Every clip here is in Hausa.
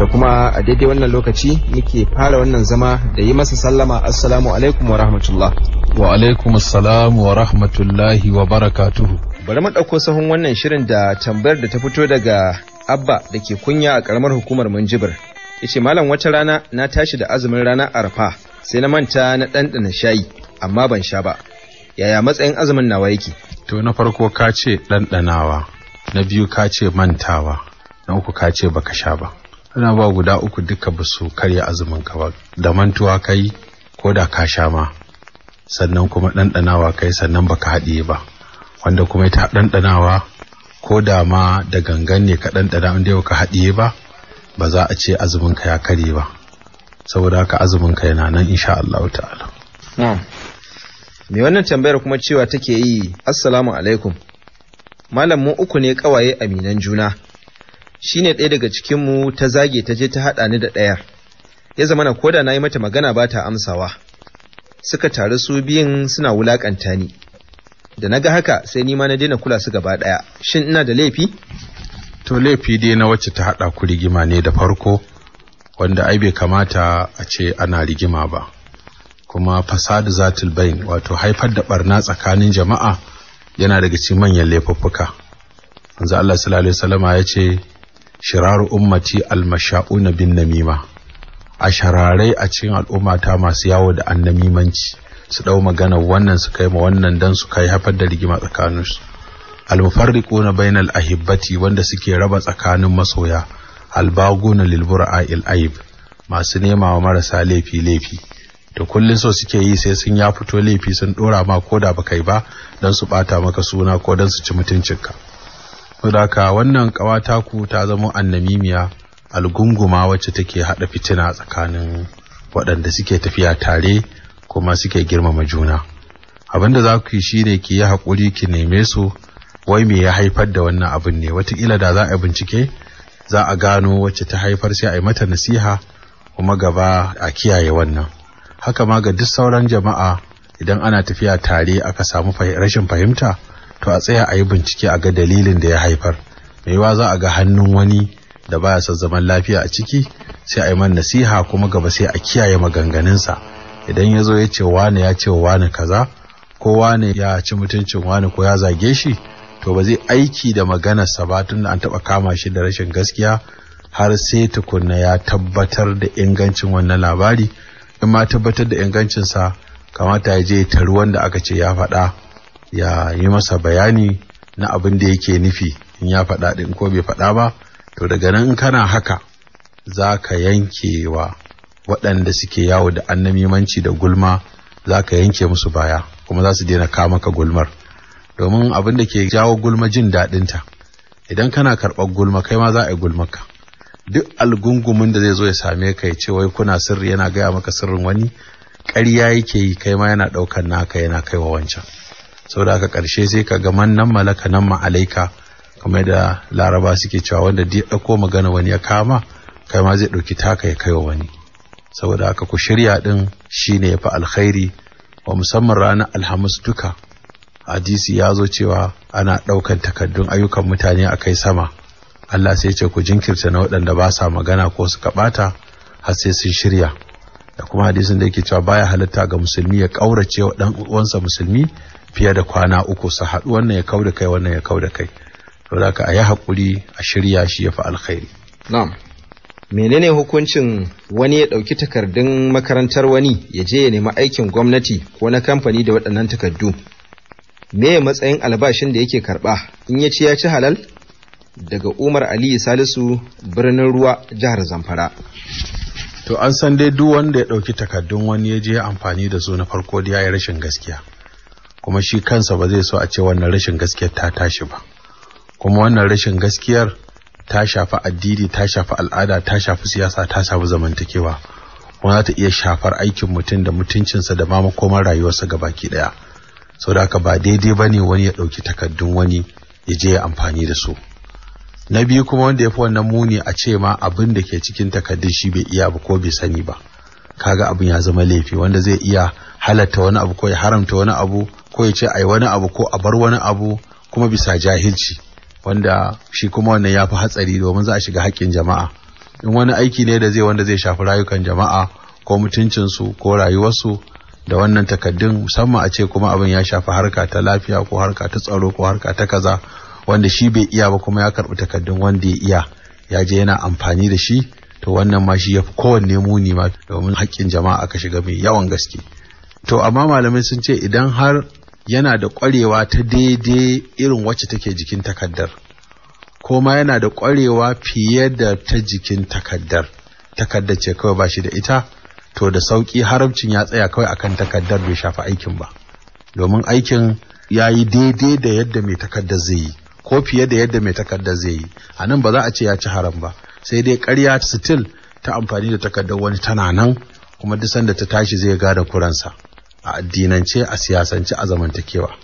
da kuma a daidai wannan lokaci muke fara wannan zama da yi masa sallama assalamu alaikum wa rahmatullah wa alaikum assalam wa rahmatullahi wa barakatuhu bari mu ɗauko sahun wannan shirin da tambayar da ta fito daga abba da ke kunya a karamar hukumar minjibir yace malam wata rana na tashi da azumin rana arfa sai na manta na ɗanɗana shayi amma ban sha ba yaya matsayin azumin nawa yake to na farko ka ce ɗanɗanawa na biyu ka ce mantawa na uku ka ce baka sha ba ana ba guda uku duka ba su karya azumin ka ba da mantuwa kai ko da ka sha ma sannan kuma ɗanɗanawa kai sannan baka haɗiye ba wanda kuma ita ɗanɗanawa ko da ma da gangan ne ka ɗanɗana inda yau ka haɗiye ba ba za a ce azumin ka ya karye ba saboda haka azumin ka yana nan insha Allah ta'ala mai wannan tambayar kuma cewa take yi assalamu alaikum malam mu uku ne kawaye aminan juna Shi ne ɗaya daga cikinmu ta zage ta je ta haɗa ni da ɗaya. ya zama na da na yi mata magana ba ta amsawa suka taru su biyun suna wulaƙanta ni da na ga haka sai ni ma na daina kula su gaba ɗaya shin ina da laifi to laifi dai na wacce ta haɗa ku rigima ne da farko wanda ai bai kamata a ce ana rigima ba kuma fasadu zatul bain wato haifar da ɓarna tsakanin jama'a yana daga cikin manyan laifuffuka manzo Allah sallallahu alaihi wasallam ya ce shirar ummati almasha'una bin namima a shararai a cikin al'ummata masu yawo da annamimanci su dau magana wannan su kai ma wannan dan su kai haifar da rigima tsakanin su almufarriquna bainal ahibbati wanda suke raba tsakanin masoya albaguna lilbura'il aib masu nema wa marasa laifi laifi da kullun so suke yi sai sun ya fito laifi sun dora ma koda baka yi ba dan su bata maka suna ko dan su ci mutuncinka saboda wannan ƙawata ku ta zama annamimiya algunguma wacce take haɗa fitina tsakanin waɗanda suke tafiya tare kuma suke girmama juna abin da za ku yi ne ki yi haƙuri ki neme su wai me ya haifar da wannan abin ne watakila da za a bincike za a gano wacce ta haifar sai a yi mata nasiha kuma gaba a kiyaye wannan haka ma ga duk sauran jama'a idan ana tafiya tare aka samu rashin fahimta to a tsaya a yi bincike a ga dalilin da ya haifar yiwa za a ga hannun wani da baya son zaman lafiya a ciki sai a yi man nasiha kuma gaba sai a kiyaye maganganunsa idan ya zo ya ce wane ya ce wane kaza ko wane ya ci mutuncin wane ko ya zage shi to ba zai aiki da maganarsa ba tun da an taɓa kama shi da rashin gaskiya har sai tukunna ya tabbatar da ingancin wannan labari in ma tabbatar da ingancinsa kamata ya je ya taru wanda aka ce ya faɗa ya yi masa bayani na abin da yake nufi in ya faɗa ɗin ko bai faɗa ba to daga nan in kana haka za ka wa waɗanda suke yawo da annamimanci da gulma za ka yanke musu baya kuma za su daina kama ka gulmar domin abin da ke jawo gulma jin daɗinta idan kana karɓar gulma kai ma za a yi gulmarka duk algungumin da zai zo ya same ka ya ce wai kuna sirri yana gaya maka sirrin wani ƙarya yake yi kai ma yana ɗaukar naka yana kaiwa wancan saboda aka karshe sai ka ga man nan malaka nan ma alaika kamar da laraba suke cewa wanda duk ɗauko magana wani ya kama kai ma zai ɗauki taka ya kai wa wani saboda haka ku shirya ɗin shine ya fi alkhairi wa musamman ranar alhamis duka hadisi ya zo cewa ana ɗaukan takaddun ayyukan mutane a kai sama Allah sai ce ku jinkirta na waɗanda ba sa magana ko suka ɓata har sai sun shirya da kuma hadisin da yake cewa baya halitta ga musulmi ya ƙaurace wa ɗan uwansa musulmi fiye da kwana uku su haɗu wannan ya kau da kai wannan ya kau da kai to da ka a yi haƙuri a shirya shi ya fi alkhairi na'am menene hukuncin wani ya ɗauki takardun makarantar wani ya je ya nemi aikin gwamnati ko na kamfani da waɗannan takardu me ya matsayin albashin da yake karɓa in ya ci ya ci halal daga umar aliyu salisu birnin ruwa jihar zamfara to an san dai duk wanda ya ɗauki takardun wani ya je amfani da su na farko da ya yi rashin gaskiya kuma shi kansa ba zai so a ce wannan rashin gaskiyar ta tashi ba kuma wannan rashin gaskiyar ta shafi addini ta shafi al'ada ta shafi siyasa ta shafi zamantakewa kuma za ta iya shafar aikin mutum da mutuncinsa da ma makoman rayuwarsa ga baki daya sau da haka ba daidai ba ne wani ya ɗauki takardun wani ya je ya amfani da su na biyu kuma wanda ya fi wannan muni a ce ma abin da ke cikin takardun shi bai iya ba ko bai sani ba kaga abin ya zama laifi wanda zai iya halatta wani abu ko ya haramta wani abu ko ya ce a yi wani abu ko a bar wani abu kuma bisa jahilci wanda shi kuma wannan ya fi hatsari domin za a shiga haƙƙin jama'a in wani aiki ne da zai wanda zai shafi rayukan jama'a ko mutuncinsu ko rayuwarsu da wannan takaddun musamman a ce kuma abin ya shafi harka ta lafiya ko harka ta tsaro ko harka ta kaza wanda shi bai iya ba kuma ya karɓi takaddun wanda ya iya ya je yana amfani da shi to wannan ma shi ya fi kowanne muni ma domin haƙƙin jama'a aka shiga mai yawan gaske to amma malamai sun ce idan har yana da ƙwarewa ta daidai irin wacce take jikin takaddar koma yana da ƙwarewa fiye da ta jikin takaddar takaddar ce kawai ba shi da ita to da sauƙi haramcin ya tsaya kawai akan takaddar bai shafa aikin ba domin aikin ya yi daidai da yadda mai takaddar zai yi ko fiye da yadda mai takaddar zai yi a nan ba za a ce ya ci haram ba sai dai ƙarya sitil ta amfani da takaddar wani tana nan kuma duk sanda ta tashi zai gada kuransa a addinance a siyasance a zamantakewa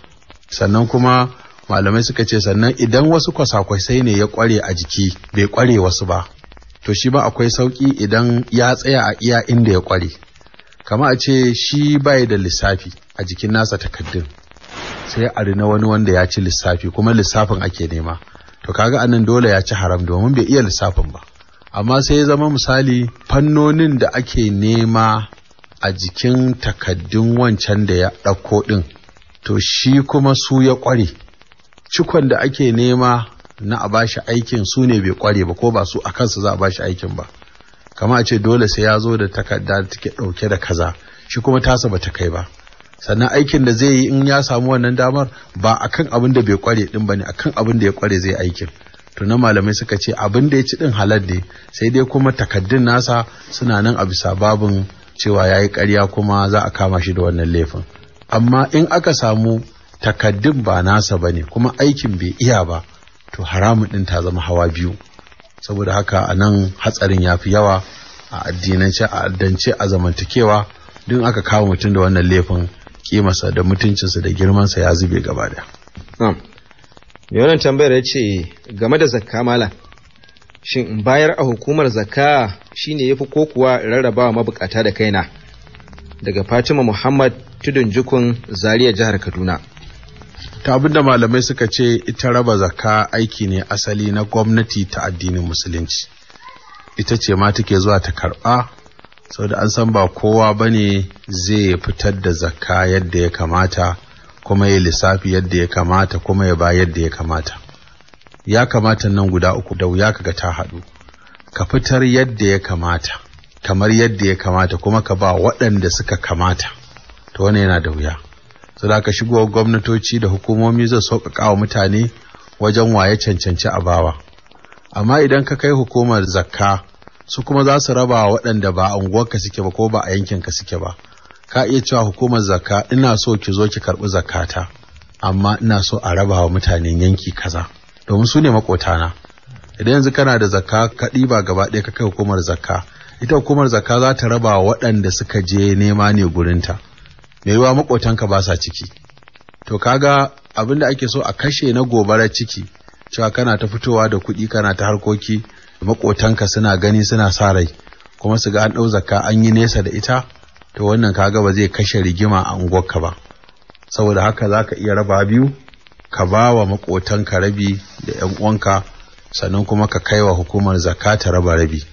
sannan kuma malamai suka ce sannan idan wasu kwasakwasai ne ya kware a jiki bai kware wasu ba to shi ba akwai sauki idan ya tsaya a iya inda ya kware kama a ce shi bai da lissafi a jikin nasa takaddun sai a rina wani wanda ya ci lissafi kuma lissafin ake nema to kaga anan dole ya ci haram domin bai iya lissafin ba amma sai ya zama misali fannonin da ake nema a jikin takaddun wancan da ya ɗauko ɗin to shi kuma su ya ƙware cikon da ake nema na a bashi aikin su ne bai ƙware ba ko ba su a kansu za a bashi aikin ba kama a ce dole sai ya zo da takarda da take ɗauke da kaza shi kuma tasa ba ta kai ba sannan aikin da zai yi in ya samu wannan damar ba a kan abin da bai ƙware ɗin ba ne a kan abin da ya ƙware zai aikin to na malamai suka ce abin da ya ci ɗin halar ne sai dai kuma takaddun nasa suna nan a bisa babin cewa ya yi ƙarya kuma za a kama shi da wannan laifin amma in aka samu takaddun ba nasa ba ne kuma aikin bai iya ba to haramun ɗin ta zama hawa biyu saboda haka a nan hatsarin ya fi yawa a addinance a addance a zamantakewa duk aka kawo mutum da wannan laifin kimasa da mutuncinsa da girmansa ya zube gaba da. Yawan tambayar ya ce game da zakka malam shin in bayar a hukumar zakka shine yafi ko kuwa wa mabukata da kaina daga Fatima Muhammad tudun jukun Zaria jihar Kaduna ta da malamai suka ce ita raba zakka aiki ne asali na gwamnati ta addinin musulunci ita ce ma take zuwa ta sau da an san ba kowa ba ne zai fitar da zakka yadda ya kamata kuma ya lissafi yadda ya kamata kuma ya ba yadda ya kamata ya kamata nan guda uku da wuya kaga ta haɗu ka fitar yadda ya kamata kamar yadda ya kamata kuma ka ba waɗanda suka kamata ta wani yana da wuya saboda ka shigo gwamnatoci da hukumomi zai sauƙaƙa wa mutane wajen waye cancanci a bawa amma idan ka kai hukumar zakka su kuma za su raba waɗanda ba a unguwarka suke ba ko ba a yankin ka suke ba ka iya cewa hukumar zakka ina so ki zo ki karɓi zakata amma ina so a raba wa mutanen yanki kaza domin su ne makotana idan yanzu kana da zakka ka ɗiba gaba ɗaya ka kai hukumar zakka ita hukumar zakka za ta raba waɗanda suka je nema ne gurinta mai yiwa makotanka ba sa ciki to kaga abin da ake so a kashe na gobara ciki cewa kana ta fitowa da kuɗi kana ta harkoki makotanka suna gani suna sa rai kuma su ga an ɗau zakka an yi nesa da ita to wannan kaga ba zai kashe rigima a unguwarka ba saboda haka za ka iya raba biyu ka ba wa ka rabi da 'yan uwanka sannan kuma ka kai wa hukumar zakka ta raba rabi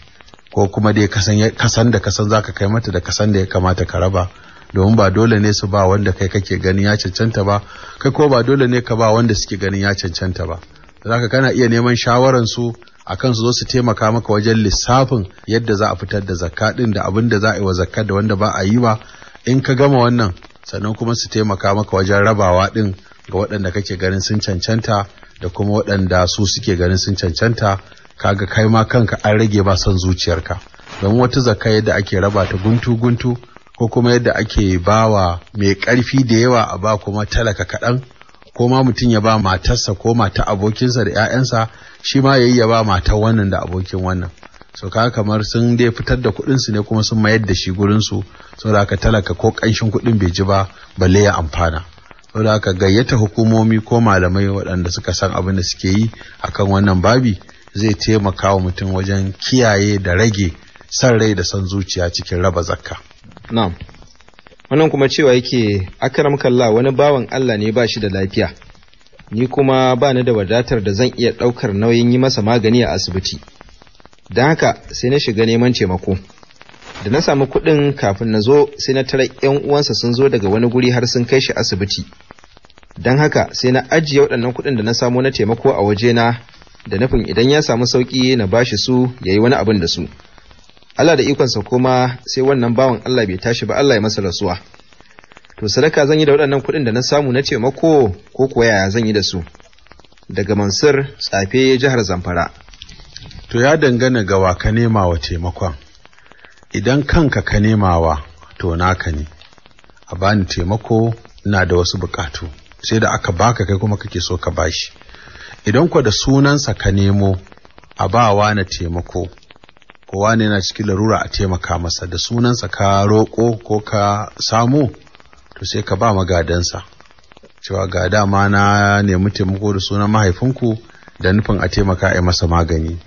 ko kuma dai kasan da kasan za ka kai mata da kasan da ya kamata ka raba domin ba dole ne su ba wanda kai kake ganin ya cancanta ba kai ko ba dole ne ka ba wanda suke ganin ya cancanta ba zaka kana iya neman shawaran su akan su zo su taimaka maka wajen lissafin yadda za a fitar da zakka din da abin da za a yi wa zakka da wanda ba a yi ba in ka gama wannan sannan kuma su taimaka maka wajen rabawa din ga waɗanda kake ganin sun cancanta da kuma waɗanda su suke ganin sun cancanta kaga kai ma kanka an rage ba son zuciyarka don wata zakka yadda ake raba ta guntu guntu ko kuma yadda ake bawa mai ƙarfi da yawa a ba kuma talaka kaɗan ko ma mutum ya ba matarsa ko mata abokinsa da 'ya'yansa shi ma ya yi ya ba mata wannan da abokin wannan so ka kamar sun dai fitar da kuɗin su ne kuma sun mayar da shi gurin su saboda haka talaka ko ƙanshin kuɗin bai ji ba balle ya amfana saboda haka gayyata hukumomi ko malamai waɗanda suka san abin da suke yi akan wannan babi zai taimaka wa mutum wajen kiyaye da rage san rai da san zuciya cikin raba zakka. Na'am. Wannan kuma cewa yake akaram kalla wani bawan Allah ne bashi da lafiya. Ni kuma ba ni da wadatar da zan iya ɗaukar nauyin yi masa magani a asibiti. Don haka sai na shiga neman taimako. Da na samu kuɗin kafin na zo sai na tara ‘yan uwansa sun zo daga wani guri har sun kai shi asibiti. don haka sai na ajiye waɗannan kuɗin da na samu na taimako a wajena da nufin idan ya samu sauƙi na ba shi su ya yi wani abin da su Allah da ikonsa kuma sai wannan bawan Allah bai tashi ba Allah ya masa rasuwa to sadaka zan yi da waɗannan kuɗin da na samu na taimako ko kuwa yaya zan yi da su daga Mansur tsafe jihar Zamfara to ya dangana ga wa ka nema wa taimakon idan kanka ka nema wa to naka ne a bani taimako ina da wasu buƙatu sai da aka baka kai kuma kake so ka bashi idan kwa da sunansa ka nemo a bawa na taimako kowa ne yana cikin larura a taimaka masa da sunansa ka roƙo ko ka samu to sai ka ba magadansa cewa ga dama na nemi taimako da sunan mahaifinku da nufin a taimaka a masa magani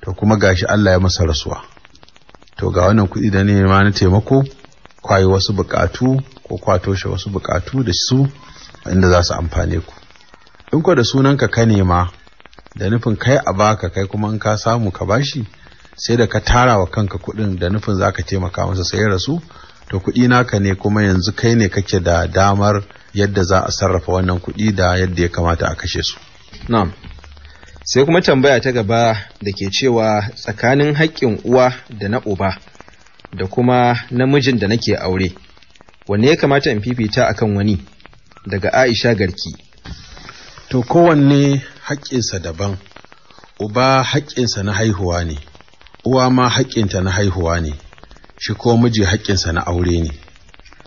to kuma gashi Allah ya masa rasuwa to ga wannan kuɗi da ma na taimako kwayi wasu buƙatu ko kwatoshe wasu buƙatu da su inda za su amfane ku in ko da sunanka ka nema da nufin kai a baka kai kuma in ka samu ka bashi sai da ka tara wa kanka kuɗin da nufin za ka taimaka masa sai rasu to kuɗi naka ne kuma yanzu kai ne kake da damar yadda za a sarrafa wannan kuɗi da yadda ya kamata a kashe su na'am sai kuma tambaya ta gaba da ke cewa tsakanin haƙƙin uwa da na uba da kuma namijin da nake aure wanne ya kamata in fifita akan wani daga Aisha Garki. To kowanne haƙƙinsa daban, uba haƙƙinsa na haihuwa ne, uwa ma haƙƙinta na haihuwa ne, shi ko miji haƙƙinsa na aure ne.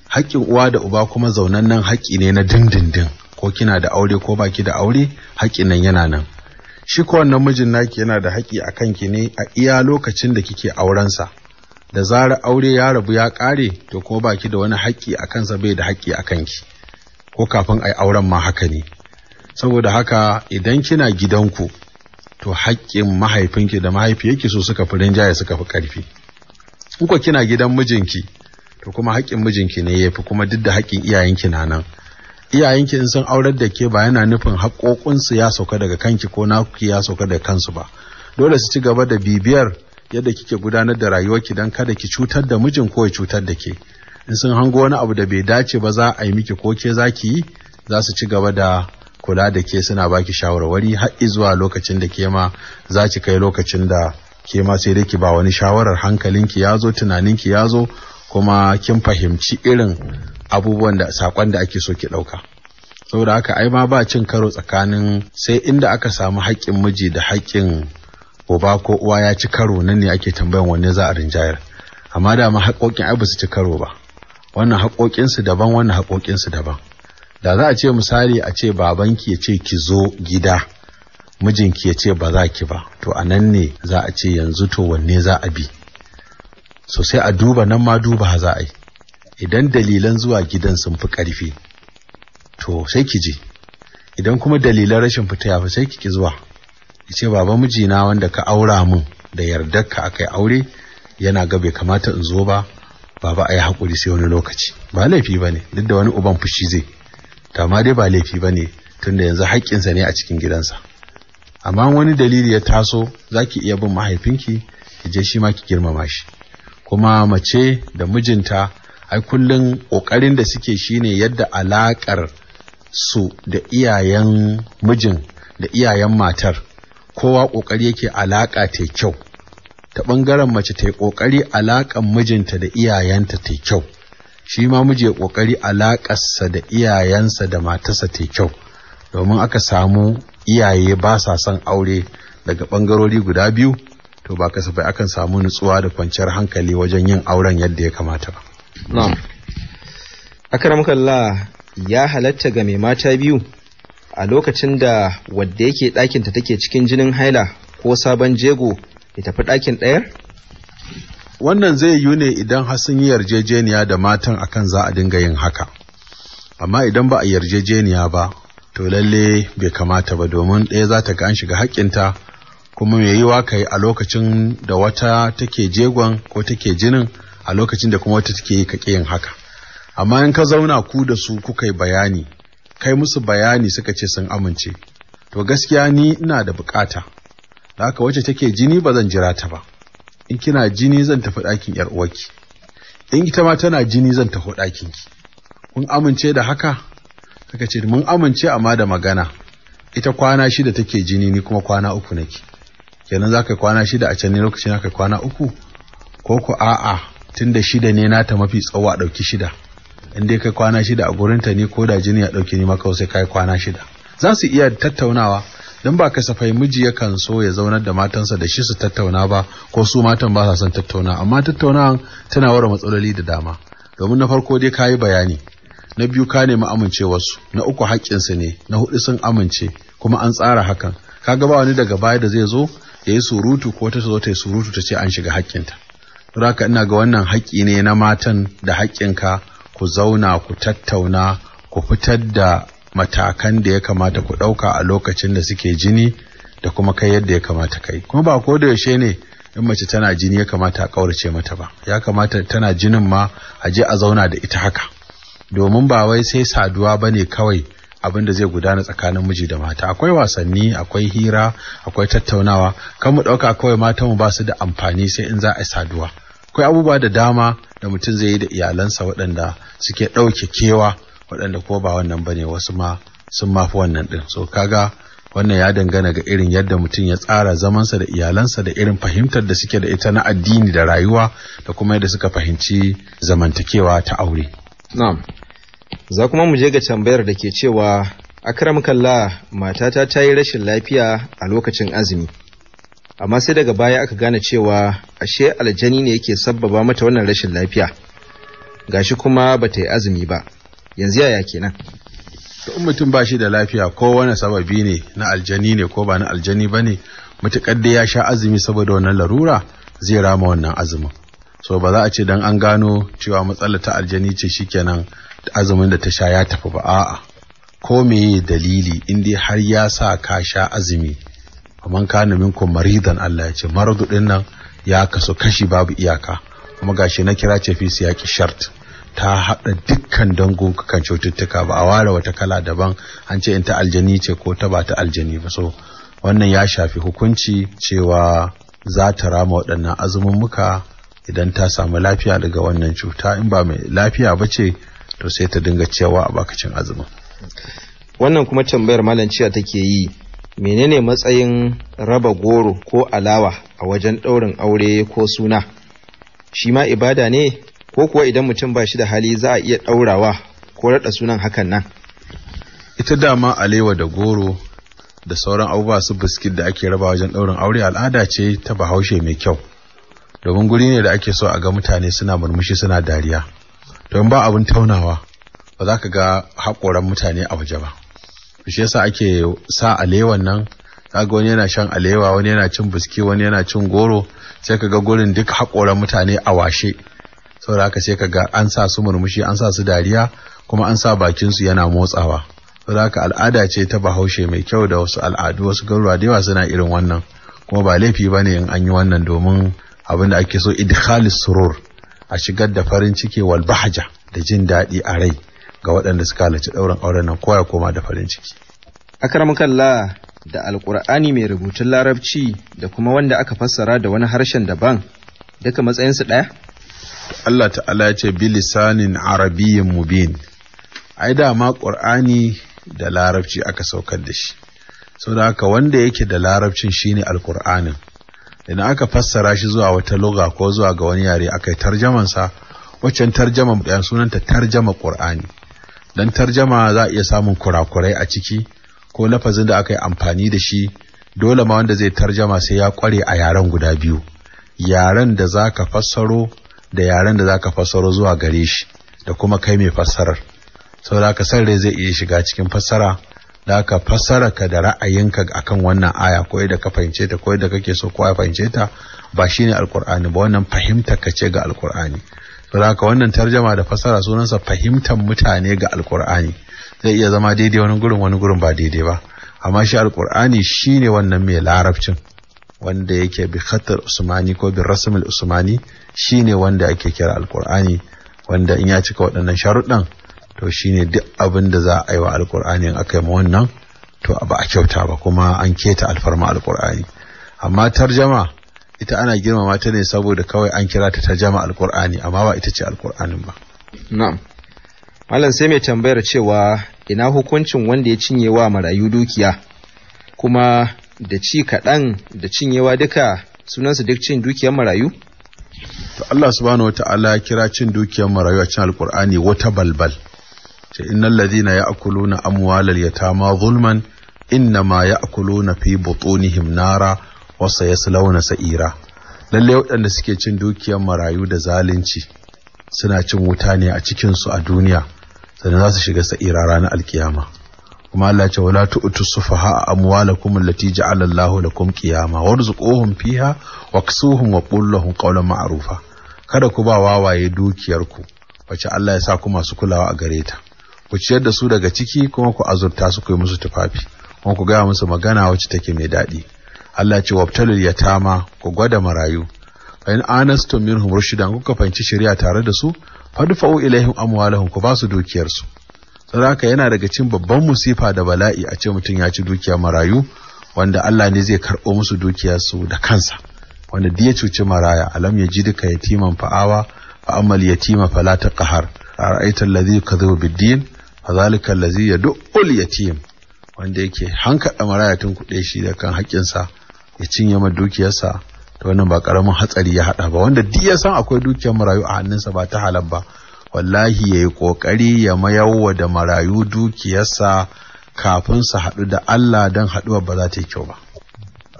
Haƙƙin uwa da uba kuma zaunan nan haƙƙi ne na dindindin, ko kina da aure ko baki da aure, haƙƙin nan yana nan. Shi ko wannan mijin naki yana da haƙƙi a kanki ne a iya lokacin da kike aurensa. Da zarar aure ya rabu ya ƙare, to ko baki da wani haƙƙi a kansa bai da haƙƙi a kanki. ko kafin a yi auren ma haka ne saboda haka idan kina gidanku to haƙƙin mahaifinki da mahaifiyarki so suka fi rinjaye suka fi ƙarfi in ko kina gidan mijinki to kuma haƙƙin mijinki ne ya fi kuma duk da haƙƙin iyayenki na nan iyayenki in sun aurar da ke ba yana nufin haƙoƙinsu ya sauka daga kanki ko naku ya sauka daga kansu ba dole su ci gaba da bibiyar yadda kike gudanar da rayuwarki don kada ki cutar da mijin ko ya cutar da ke in sun hango wani abu da bai dace ba za a yi miki ko ke za ki yi za su ci gaba da kula da ke suna baki shawarwari har zuwa lokacin da ke ma za ki kai lokacin da ke ma sai dai ki ba wani shawarar hankalinki ya zo tunaninki ya zo kuma kin fahimci irin abubuwan da sakon da ake so ki ɗauka. saboda haka ai ma ba cin karo tsakanin sai inda aka samu haƙƙin miji da haƙƙin uba ko uwa ya ci karo nan ne ake tambayan wanne za a rinjayar amma da ma haƙoƙin ai ba su ci karo ba wannan haƙoƙinsu daban wannan haƙoƙinsu daban da za a ce misali a ce babanki ya ce ki zo gida mijinki ya ce ba za ki ba to a nan ne za a ce yanzu to wanne za a bi so sai a duba nan ma duba za a yi idan dalilan zuwa gidan sun fi ƙarfi to sai ki je idan kuma dalilan rashin fita ya fi sai ki ki zuwa ya ce baba mijina wanda ka aura min da yardar ka aka aure yana ga bai kamata in zo ba baba a yi haƙuri sai wani lokaci ba laifi ba ne duk da wani uban fushi zai amma dai ba laifi ba ne tunda yanzu haƙƙinsa ne a cikin gidansa amma wani dalili ya taso za ki iya bin mahaifinki ki je shi ma ki girmama shi kuma mace da mijinta ai kullum ƙoƙarin da suke shine yadda alaƙar su da iyayen mijin da iyayen matar kowa ƙoƙari yake alaƙa ta kyau ta ɓangaren mace ta yi ƙoƙari alaƙan mijinta da iyayenta ta kyau shi ma miji ya ƙoƙari alaƙarsa da iyayensa da matarsa ta kyau domin aka samu iyaye ba sa son aure daga ɓangarori guda biyu to ba kasafai akan samu nutsuwa da kwanciyar hankali wajen yin auren yadda ya kamata ba. Na'am. Akaramakalla ya halatta ga mai mata biyu a lokacin da wadda yake ɗakinta take cikin jinin haila ko sabon jego ya tafi ɗakin ɗaya. Wannan zai yiwu ne idan har sun yi yarjejeniya da matan akan za a dinga yin haka. Amma idan ba a yarjejeniya ba, to lalle bai kamata ba domin ɗaya za ta ga an shiga haƙƙinta kuma mai yiwa ka yi a lokacin da wata take jegon ko take jinin a lokacin da kuma wata take yi ka yin haka. Amma in ka zauna ku da su kuka yi bayani, kai musu bayani suka ce sun amince. To gaskiya ni ina da bukata. da haka wacce take jini ba zan jira ta ba in kina jini zan tafi ɗakin yar uwarki in ita ma tana jini zan tafi ɗakin ki kun amince da haka kaka ce mun amince amma da magana ita kwana shida take jini ni kuma kwana uku nake kenan za ka kwana shida a can ne lokacin za ka kwana uku ko ku a'a tun da shida ne nata mafi tsawo a ɗauki shida in dai kai kwana shida a gurin ta ne ko da jini ya ɗauki ni maka sai kai kwana shida za su iya tattaunawa don ba kasafai miji yakan so ya zaunar da matansa da shi su tattauna ba ko su matan ba sa son tattauna amma tattaunawa tana wara matsaloli da dama domin na farko dai kayi bayani na biyu ka nemi amincewarsu na uku su ne na hudu sun amince kuma an tsara hakan kaga ba wani daga baya da zai zo ya yi surutu ko ta zo ta yi surutu ta ce an shiga haƙƙinta don haka ina ga wannan haƙƙi ne na matan da haƙƙinka ku zauna ku tattauna ku fitar da matakan da ya kamata ku ɗauka a lokacin da suke jini da kuma kai yadda ya kamata kai kuma ba ko da yaushe ne in mace tana jini ya kamata a ƙaurace mata ba ya kamata tana jinin ma a je a zauna da ita haka domin ba wai sai saduwa ba ne kawai abin da zai gudana tsakanin miji da mata akwai wasanni akwai hira akwai tattaunawa kan mu ɗauka kawai mata mu ba su da amfani sai in za a saduwa akwai abubuwa da dama da mutum zai yi da iyalansa waɗanda suke ɗauke kewa waɗanda ko ba wannan ba ne wasu ma sun mafi wannan ɗin so kaga wannan ya dangana ga irin yadda mutum ya tsara zamansa da iyalansa da irin fahimtar da suke da ita na addini da rayuwa da kuma yadda suka fahimci zamantakewa ta aure na'am za kuma mu je ga tambayar da ke cewa akram kalla matata ta yi rashin lafiya a lokacin azumi amma sai daga baya aka gane cewa ashe aljani ne yake sabbaba mata wannan rashin lafiya gashi kuma ba ta yi azumi ba yanzu yaya kenan to in mutum ba shi da lafiya ko wani sababi ne na aljani ne ko ba na aljani ba ne mutukar da ya sha azumi saboda wannan larura zai rama wannan azumin so ba za a ce dan an gano cewa matsalar ta aljani ce shikenan azumin da ta sha ya tafi ba a'a ko me dalili in dai har ya sa ka sha azumi man kana minkum maridan Allah ya ce maradu din nan ya kasu kashi babu iyaka kuma gashi na kira ce fi siyaki shart ta haɗa dukkan dangokan cututtuka ba a ware wata kala daban an ce in ta aljani ce ko ta ba ta aljani ba so wannan ya shafi hukunci cewa za ta rama waɗannan muka idan ta samu lafiya daga wannan cuta in ba mai lafiya ba ce to sai ta dinga cewa a bakacin azumin wannan kuma tambayar malam ciya take yi menene matsayin raba goro ko alawa a wajen ɗaurin aure ko suna shi ma ibada ne ko kuwa idan mutum ba shi da hali za a iya ɗaurawa ko raɗa sunan hakan nan ita dama alewa da goro da sauran abubuwa su biskit da ake raba wajen ɗaurin aure al'ada ce ta bahaushe mai kyau domin guri ne da ake so a ga mutane suna murmushi suna dariya don ba abin taunawa ba za ka ga haƙoran mutane a waje ba shi yasa ake sa alewan nan kaga wani yana shan alewa wani yana cin biski wani yana cin goro sai ka ga gurin duk haƙoran mutane a washe saboda haka ka ga an sa su murmushi an sa su dariya kuma an sa bakin su yana motsawa saboda haka al'ada ce ta bahaushe mai kyau da wasu al'adu wasu garuruwa da yawa suna irin wannan kuma ba laifi ne in an yi wannan domin abin da ake so idkhalis surur a shigar da farin ciki wal bahaja da jin daɗi a rai ga waɗanda suka halarci ɗaurin auren nan koya koma da farin ciki akramu kalla da alkur'ani mai rubutun larabci da kuma wanda aka fassara da wani harshen daban duka matsayinsu ɗaya Allah ta'ala ya ce bilisanin arabiyyin mubin ai ma ƙur'ani da larabci aka saukar da shi saboda haka wanda yake da larabcin shine alƙur'anin idan aka fassara shi zuwa wata loga ko zuwa ga wani yare aka yi tarjamansa waccan tarjama sunan sunanta tarjama ƙur'ani dan tarjama za a iya samun kurakurai a ciki ko lafazin da aka yi amfani da shi dole ma wanda zai tarjama sai ya kware a yaren guda biyu yaren da za ka fassaro da yaren da zaka fassaro zuwa gare shi da kuma kai mai fassarar saboda ka san rai zai iya shiga cikin fasara da ka fassara ka da ra'ayinka akan wannan aya ko da ka fahimce ta ko da kake so ko ya fahimce ta ba shine alkur'ani ba wannan fahimta ka ce ga alkur'ani saboda ka wannan tarjama da fasara sunansa fahimtar mutane ga alkur'ani zai iya zama daidai wani gurin wani gurin ba daidai ba amma shi alkur'ani shine wannan mai larabcin wanda yake bi khatar usmani ko bi rasmul usmani shine wanda ake kira alqur'ani wanda in ya cika waɗannan sharuɗan to shine duk abin da za a yi wa alqur'ani in aka yi wannan to ba a kyauta ba kuma an keta alfarma alqur'ani amma tarjama ita ana girmama ta ne saboda kawai an kira ta tarjama alqur'ani amma ba ita ce alqur'anin ba na'am malam sai mai tambayar cewa ina hukuncin wanda ya cinye wa marayu dukiya kuma da ci kaɗan da cinyewa duka sunansu duk cin dukiyar marayu? To Allah subhanahu wata'ala kira cin dukiyar marayu a cin alkur'ani wata balbal. Ce innal ladhina ya'kuluna amwalal yatama zulman innama ya'kuluna fi butunihim nara wa sayaslawna sa'ira. Lalle waɗanda suke cin dukiyar marayu da zalunci suna cin wuta ne a cikin su a duniya sannan za su shiga sa'ira ranar alkiyama. kuma Allah ce wala tu'tu sufaha amwalakum allati ja'ala Allahu lakum qiyama warzuquhum fiha waksuhum wa qul lahum qawlan ma'rufa kada ku ba wawaye dukiyar ku wace Allah ya sa ku masu kulawa a gare ta ku ciyar da su daga ciki kuma ku azurta su ku musu tufafi kuma ku gaya musu magana wacce take mai daɗi Allah ce wabtalul yatama ku gwada marayu fa in anastum minhum rushidan kuka fanci shari'a tare da su fadfa'u ilaihim amwalahum ku ba su dukiyar su Raka yana daga cikin babban musifa da bala'i a ce mutum ya ci dukiya marayu wanda Allah ne zai karɓo musu dukiya su da kansa wanda ya cuci maraya alam ya ji duka yatiman fa'awa fa amal yatima fala qahar ra'aita allazi kadhabu bid-din fa allazi yad'u yatim wanda yake da maraya tun kuɗe shi da kan sa ya cinye ma dukiyarsa to wannan ba karamin hatsari ya haɗa ba wanda duk ya san akwai dukiyar marayu a hannunsa ba ta halal ba wallahi ya yi ƙoƙari ya mayarwa da marayu dukiyarsa kafin su haɗu da Allah don haɗuwa ba za ta yi kyau ba.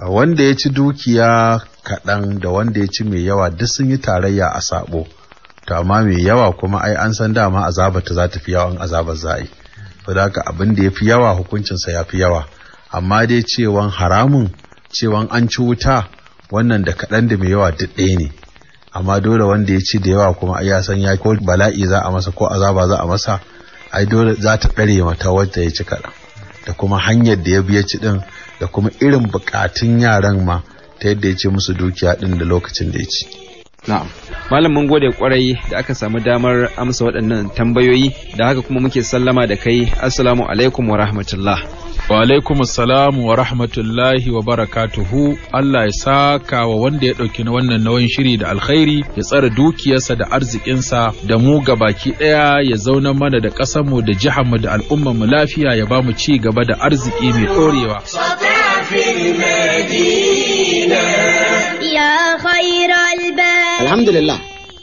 Wanda ya ci dukiya kaɗan da wanda ya ci mai yawa duk sun yi tarayya a saɓo, to amma mai yawa kuma ai an san dama azabar ta za ta fi yawan azabar za'i. yi. haka abin da ya fi yawa hukuncinsa ya fi yawa, amma dai cewan haramun cewan an ci wuta wannan da kaɗan da mai yawa duk ɗaya ne. amma dole wanda ya ci da yawa kuma ya san ya ko bala'i za a masa ko azaba za a masa ai dole za ta ɗare mata wadda ya ci kaɗan da kuma hanyar da ya biya ci ɗin da kuma irin buƙatun yaran ma ta yadda ya ce musu dukiya ɗin da lokacin da ya ci. Na'am. Malam mun gode kwarai da aka samu damar amsa waɗannan tambayoyi da haka kuma muke sallama da kai assalamu alaikum wa rahmatullah. Wa alaikum assalamu wa rahmatullahi wa barakatuhu Allah ya saka wa wanda ya ɗauki wannan nauyin shiri da alkhairi ya tsara dukiyarsa da arzikinsa da mu gabaki ɗaya ya zauna mana da ƙasarmu da jiharmu da al'ummarmu lafiya ya ba mu ci gaba da arziki mai ɗorewa. Ya يا al الباب الحمد لله